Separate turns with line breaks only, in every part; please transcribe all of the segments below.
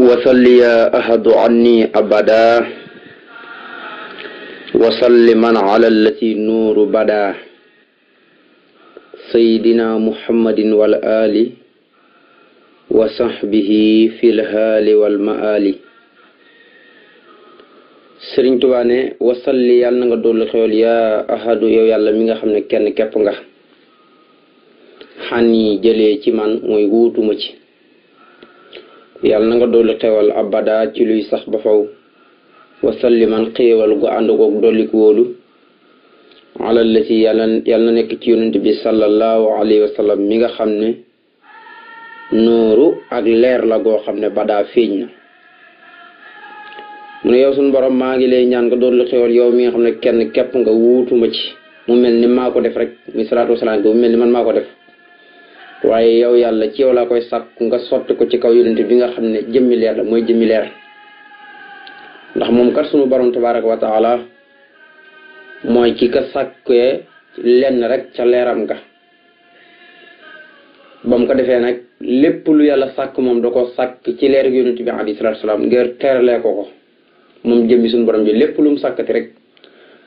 wasalli ya ahadu anni abada wasalli man ala allati nuuru bada saydina muhammadin wal ali wa sahbihi fil haali wal maali sëriñ Tuubaa ne wasalli yàlla mi nga xam ne kenn képp nga xan yi ci man mooy wuutuma ci yàlla na nga dolli xewal abada ci luy sax ba faw wasalliman xéewal gu ànd koog dollik wóolu alalati yàlla yàlla na nekk ci yonent bi sallallahu alayhi wa sallam mi nga xam ne nooru ak leer la goo xam ne badaa feeñ na mu ne yow suñu borom maa ngi lay ñaan nga dolli xewal yow mi nga xam ne kenn képp nga wuutuma ci mu mel ni maa ko def rek muy salaatu wasalaam mu mel ni man maa ko def waaye yow yàlla ci yow laa koy sàkku nga sotti ko ci kaw yonent bi nga xam ne jëmmi leer la mooy jëmmi leer ndax moom kat sunu borom tabaraka wa taala mooy ki ka sàkkee lenn rek ca leeram ga ba mu ko defee nag lépp lu yàlla sàkk moom da ko sàkk ci leer yonent bi alayhi salaatu salaam ngir teeralee ko ko moom jëmmi sunu borom ji lépp lu mu sàkkati rek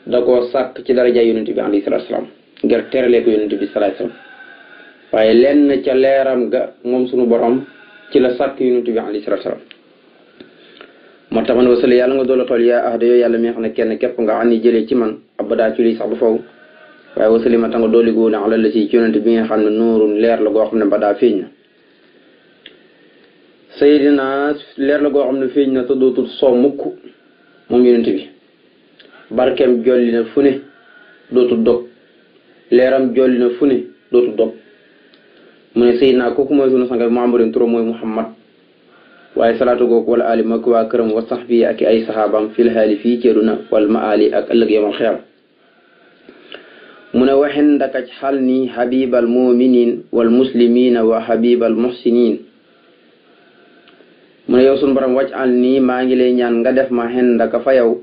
da koo sàkk ci daraja yonent bi alayhi salaatu salaam ngir teeralee ko yonent bi salaatu waaye na ca leeram ga moom sunu borom ci la sàkk yonent bi alayhi salaatu salaam moo tax man wasala yàlla nga doola tool yaa ahda yooyu yàlla mi nga xam ne kenn képp nga am ni jëlee ci man a ci lii sax ba faw waaye wasali ma tanga dooli góor a la ci yonent bi nga xam ne nuurun leer la goo xam ne badaa feeñ na sayidina leer la goo xam ne feeñ na te dootul soo mukk moom yonent bi barkeem jolli na fu ne dootul dog leeram jolli na fu ne dootul mu ne Seydina kooku mooy sunu sangal Muhammadun turam mooy Muhammad waaye salaatu googu wala ali mag waa këram wa sax bi ak ay saxaabaam fil xaali fii ci àdduna wal maali ak ëllëg yamal xiyam mu ne waxin ndakaj xal ni xabibal muminin wal muslimina wa xabibal muxsinin mu ne yow sunu borom al nii maa ngi lay ñaan nga def ma xen ndaka fa yow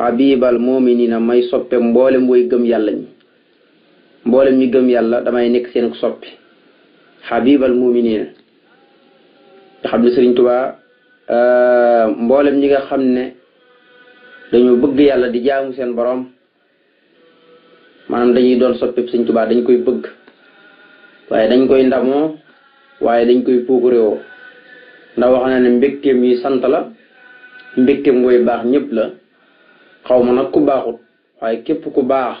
xabibal muminina may soppe mboole mboy gëm yàlla ñi mboolem ñi gëm yàlla damay nekk seen soppi xabibal muminina nga xam ne sëriñ Tuubaa euh, mboolem ñi nga xam ne dañu bëgg yàlla di jaamu seen borom maanaam dañuy doon soppi sëriñ Tuubaa dañ koy bëgg waaye dañ koy ndamoo waaye dañ koy puukurewoo ndax wax na ne mbégteem yi sant la mbégteem ngoy baax ñëpp la xaw ma nag ku baaxut waaye képp ku baax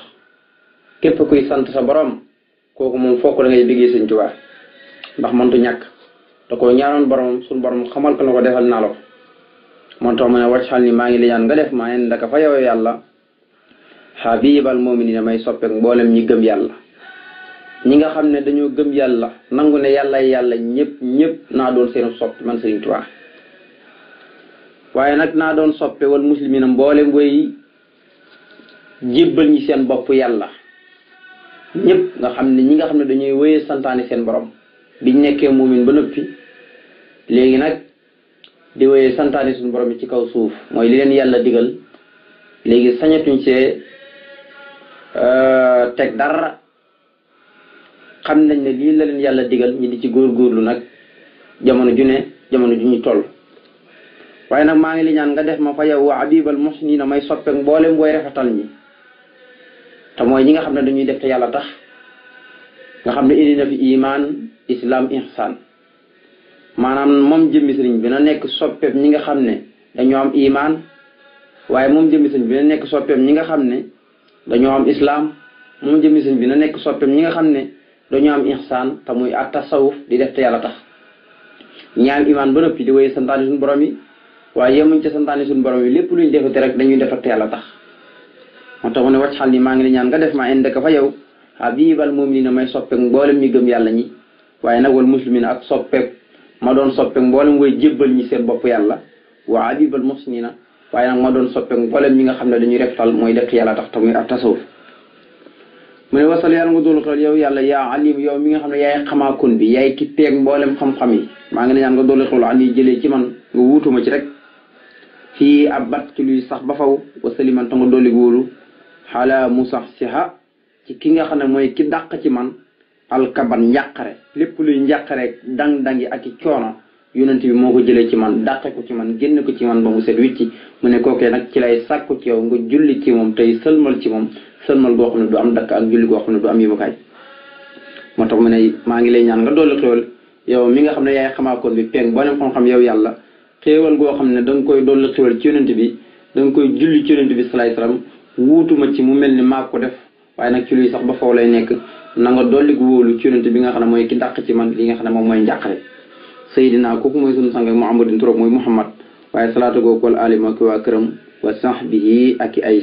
képp kuy sant sa borom kooku moom fokk la ngay liggéey sëñ Tuubaa ndax mëntu ñàkk te ko ñaanoon borom suñu borom xamal ko na ko defal naa la ko moo tax mu ne ni maa ngi lijaan nga def maa en daka fa yow yàlla xabibal mu'miniina may soppeek mboolem ñi gëm yàlla ñi nga xam ne dañoo gëm yàlla nangu ne yàlla yàlla ñëpp ñëpp naa doon seen soppi man Sëriñ Tuubaa waaye nag naa doon soppe wal muslimina mboolem way jébbal ñi seen bopp yàlla ñëpp nga xam ne ñi nga xam ne dañuy wéyee santaane seen borom biñ nekkee muumin ba noppi léegi nag di wéyee santaane suñu borom bi ci kaw suuf mooy li leen yàlla digal léegi sañatuñ see euh, teg dara xam nañ ne lii la leen yàlla digal ñu di ci góorgóorlu nag jamono ju ne jamono ju ñu toll waaye nag maa ngi li ñaan nga def ma fa yow wa abibal na may soppeek mboolem booy rafetal ñi te mooy ñi nga xam ne dañuy def te yàlla tax nga xam ne indi na fi iman islaam ihsan maanaam moom jëmmi sëriñ bi na nekk soppeem ñi nga xam ne dañoo am iman waaye moom jëmmi bi nekk soppeem ñi nga xam ne dañoo am islam moom jëmmi bi na nekk soppeem ñi nga xam ne dañoo am ihsan te muy at tasawuf di def te yàlla tax ñaam iman ba noppi di wéy santaani suñu borom yi waaye yemuñ ca santaani suñu borom yi lépp luñ defati rek dañuy def te yàlla tax moo tax mu ne wacc maa ngi ñaan nga def ma indaka fa yow xabibal muminina may soppeek mboolem ñi gëm yàlla ñi waaye nag wal muslimina ak soppeek ma doon soppeek mboolem way jébbal ñi seen bopp yàlla wa habibal muhsinina waaye nag ma doon soppeek mboolem ñi nga xam ne dañuy reftal mooy def yàlla tax tamuy ak tasawuf mu ne wasal yàlla nga doolu xel yow yàlla yaa alim yow mi nga xam ne yaay xamaakun bi yaay ki teeg mboolem xam-xam yi maa ngi la ñaan nga doolu xel ani jëlee ci man nga wuutuma ci rek fii ab bat ci luy sax ba faw wasaliman ta nga dolli wóolu xala sax ci ci ki nga xam ne mooy ki dàq ci man alkaban njàqare lépp luy njàqare dang-dangi ak i coono yonent bi moo ko jëlee ci man dàqe ko ci man génn ko ci man ba mu set wicci mu ne kookee nag ci lay sàkku ci yow nga julli ci moom tey sëlmal ci moom sëlmal goo xam ne du am dakk ak julli goo xam ne du am yibukaay moo tax mu ne maa ngi lay ñaan nga dolli xéwal yow mi nga xam ne yaay xamaakoon bi peeg boo ne xam-xam yow yàlla xéewal goo xam ne da nga koy dolli xéwal ci yonent bi da koy julli ci yonent bi salaay salaam ma ci mu mel ni maa ko def waaye nag ci luy sax ba faw lay nekk nanga nga dolli gu wóolu ci yonent bi nga xam ne mooy ki dàq ci man li nga xam ne moom mooy njàqare sayidina kooku mooy sunu sang muhammadin turam mooy ak waa këram wa sahbihi ak ay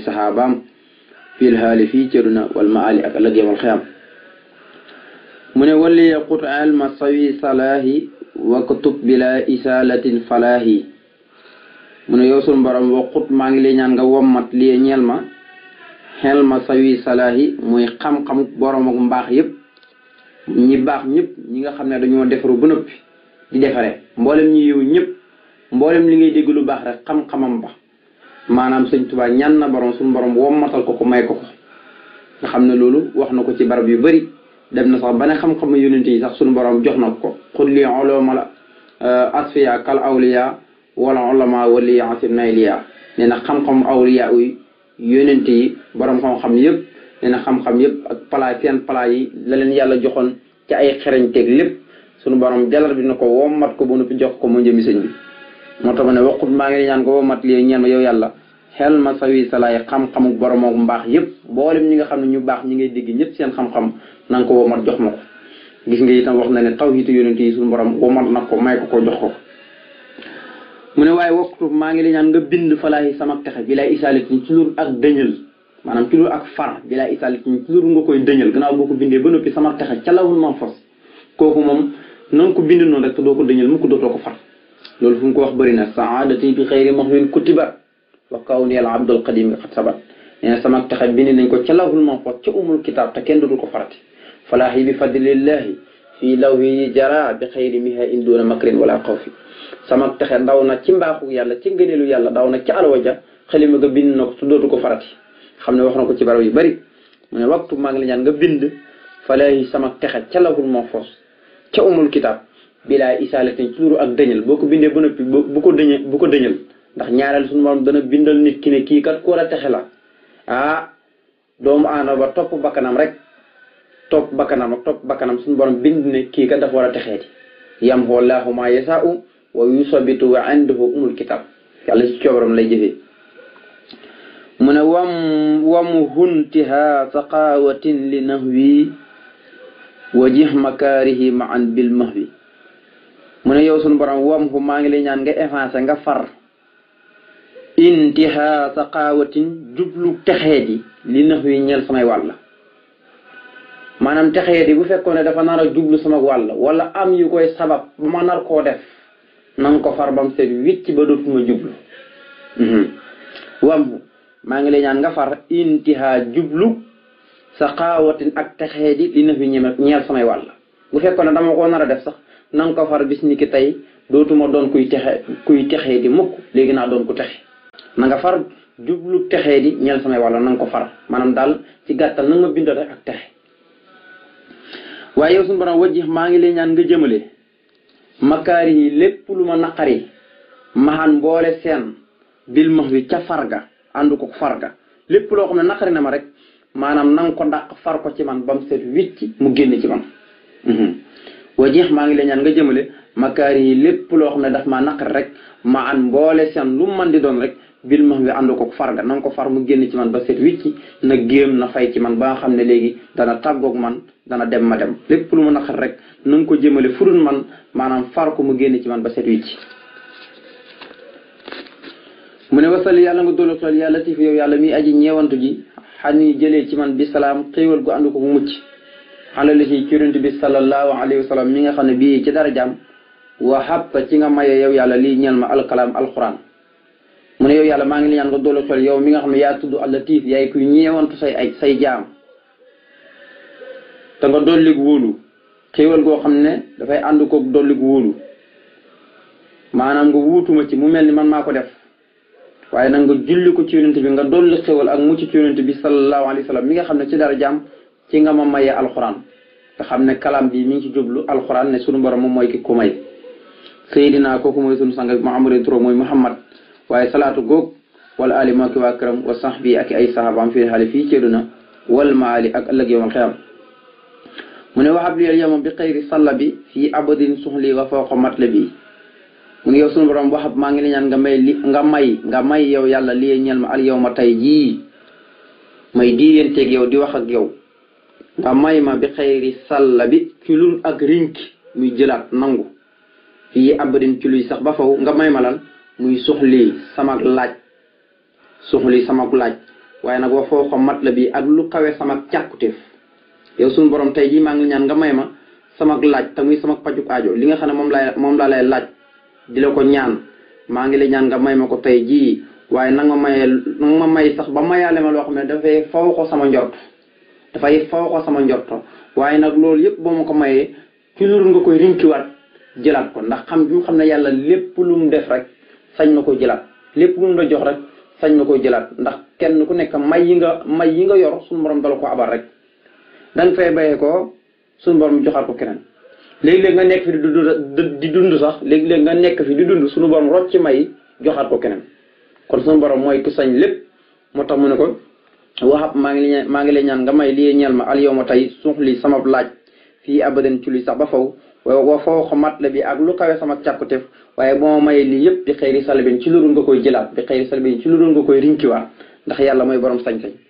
ak ëllëg yamal xiyam mu ne walli yaqut alma sawi salaahi waktub bila isalatin falaahi mu ne yow sunu borom waqut maa ngi lay ñaan nga wommat li ñeel ma xel ma sawi salaahi muy xam-xam borom ak mbaax yëpp ñi baax ñëpp ñi nga xam ne dañoo defaru ba noppi di defare mboolem ñi yiw ñëpp mboolem li ngay dégg lu baax rek xam-xamam ba maanaam sëñ Tuubaa ñan na borom suñu borom matal ko ko may ko ko xam ne loolu wax na ko ci barab yu bari dem na sax ba ne xam-xam yonent sax suñu borom jox na ko xul li ulama asfiya kal awliya wala ulama wali asim na liya xam-xam awliya uy yonent yi boroom xam-xam yëpp nee xam-xam yëpp ak palaa seen palaa yi la leen yàlla joxoon ca ay xereñ xereñteeg lépp sunu borom jalar bi na ko mat ko ba noppi jox ko mu njëmi sëñ bi moo tax ma ne waxut maa ngi ñaan ko wommat lii ma yow yàlla xel ma sawi salaay xam-xamu borom mbaax yëpp boolem ñi nga xam ne ñu baax ñi ngay dégg ñëpp seen xam na nga ko wommat jox ma ko gis nga itam wax na ne tawhiitu yonent yi sunu borom wommat na ko may ko ko jox ko mu ne waaye wokkutub maa ngi la ñaan nga bind falaayi sama texe bi lay isaalit ni ci lur ak dëñal maanaam ci lur ak far bi lay isaalit ni ci lur nga koy dëñal gannaaw boo ko bindee ba noppi sama texe ca lawul man kooku moom na ko bind noonu rek te doo ko dëñal mukk dootoo ko far loolu fu mu ko wax bëri na saadati bi xëyri maxwin kutibat wa kaw neel abdul qadim xat sabat nee na sama texe bind nañ ko ca lawul man fos ca umul kitaab te kenn dootul ko farati falaahi bi fadlillahi fii law yi jara bi xëyri miha in doona makrin wala xawfi sama texe ndaw na ci mbaaxu yàlla ci ngëneelu yàlla daw na ci alawaja xalima nga bind na ko su dootu ko farati xam ne wax na ko ci baraw yu bari mu ne waxtu maa ngi la ñaan nga bind falay sama texe ca lahul mahfuz ca umul kitaab bilaa isaalatin ci luru ak dëñal boo ko bindee ba noppi bu ko dëñe bu ko dëñal ndax ñaareel suñu borom dana bindal nit ki ne kii kat ko war a texe la ah doomu aana ba topp bakkanam rek topp bakkanam ak topp bakkanam suñu borom bind kii kat dafa a texeeti wa yusabitu wa indahu umul kitab yàlla si coobaram lay jëfee mu ne wam wamu huntiha saqaawatin li nahwi wa jih makaarihi ma an bil mahwi mu ne yow sunu borom wam hu maa ngi lay ñaan nga effacé nga far intiha saqaawatin jublu texee ji li wi ñeel samay wàll maanaam texee ji bu fekkoon ne dafa nar a jublu sama wàll wala am yu koy sabab ba ma nar koo def na nga ko far bam seet wicc ba dootuma jublu mhm. wambu maa ngi lay ñaan nga far intiha jublu sa xaawatin ak texee di li na fi ñeme ñeel samay wàll bu fekkoon ne dama ko nar a def sax nanga nga far bis ni ki tey dootuma doon kuy texe kuy texee di mukk léegi naa doon ku texe na nga far jublu texee di ñeel samay wàll nanga ko far maanaam daal ci gàttal na nga ma bindal ak texe waaye yow suñu borom maa ngi lay ñaan nga jëmale makaari yi lépp lu ma naqari maxan mboole seen bil max wi ca farga ànd ko farga lépp loo xam ne naqari na ma rek maanaam nanga ko ndaq far ko ci man ba mu set wicc mu génne ci man mhm. wa jeex maa ngi la ñaan nga jëmale makaari yi lépp loo xam ne daf maa naqar rek ma an mboole seen lu man di doon rek bil ma wi ànd ko farga na ko far mu génn ci man ba set wicci na géem na fay ci man ba xam ne léegi dana tàggoog man dana dem ma dem lépp lu mu naqar rek na ko jëmale furun man maanaam far ko mu génn ci man ba set wicci mu ne wasali yàlla nga doolu xel yàlla tif yow yàlla mi aji ñeewantu ji xan ni jëlee ci man bi salaam xéewal gu ànd ko mucc xalali ci yonent bi sallallahu alayhi wa nga xam ne bii ci dara jaam wa xabta ci nga maye yow yàlla lii ñeel ma alkalaam alquran mu ne yow yàlla maa ngi li ñaan nga doolu xel yow mi nga xam ne yaa tudd allatif yaay kuy ñeewantu say ay say jaam te nga dollig wóolu xéewal goo xam ne dafay ànd koog dollig wóolu maanaam nga wuutuma ci mu mel ni man maa ko def waaye nag nga julli ko ci yonent bi nga dolli xéewal ak mu ci yonent bi sallallahu alayhi mi nga xam ne ci dara jaam ci nga ma mayee alxuraan nga xam ne kalam bi mi ngi ci jublu alxuraan ne sunu borom moom mooy ki ko may sayidina kooku mooy sunu sang Muhammadin turo salaatu góog wala ali moo ki sax bi ak ay saxabaam fi xale fii ak ëllëg yowal xiyam mu ne waxab liyel yowma bi xëyri salla bi fii abadin suxli wa sunu borom waxab maa ngi la nga may li nga may nga may yow yàlla li ñeel ma al yow ma tey jii may diiyanteeg yow di wax ak yow nga may ma bi xayri sàlla bi ci lul ak rink muy jëlaat nangu fii abadin ci luy sax ba faw nga may ma lan muy suxli samak laaj suxli samak laaj waaye nag waxoo ko mat la bi ak lu kawe samak càkkutéef yow suñu borom tey jii maa ngi ñaan nga may ma samak laaj te muy samak pajuk aajo li nga xam ne moom laa moom laa laaj di la ko ñaan maa ngi lay ñaan nga may ma ko tey jii waaye nanga ma mayee nag ma may sax ba mayaale ma loo xam ne dafay faw ko sama njort dafay faw ko sama njorto waaye nag loolu yëpp boo ma ko mayee ci loolu nga koy rinkiwaat jëlaat ko ndax xam bi xam ne yàlla lépp lu mu def rek sañ na ko jëlaat lépp lu mu la jox rek sañ na ko jëlaat ndax kenn ku nekk may yi nga may yi nga yor suñu borom dala ko abal rek danga fay bayee ko suñu borom joxaat ko keneen léegi-léegi nga nekk fi di dund di dund sax léegi-léegi nga nekk fi di dund suñu borom rocc may joxaat ko keneen kon suñu borom mooy ku sañ lépp moo tax mu ne ko waxab maa ngi lay maa ngi lay ñaan nga may lii ñeel ma al yawma tey li sama laaj fii abadan ci li sax ba faw wa foo mat la bi ak lu kawe sama càkkuteef waaye boo mayee lii yëpp bi xëyri salbin ci lu dul nga koy jëlaat bi xëyri salbin ci lu dul nga koy rinkiwaat ndax yàlla mooy borom sañ-sañ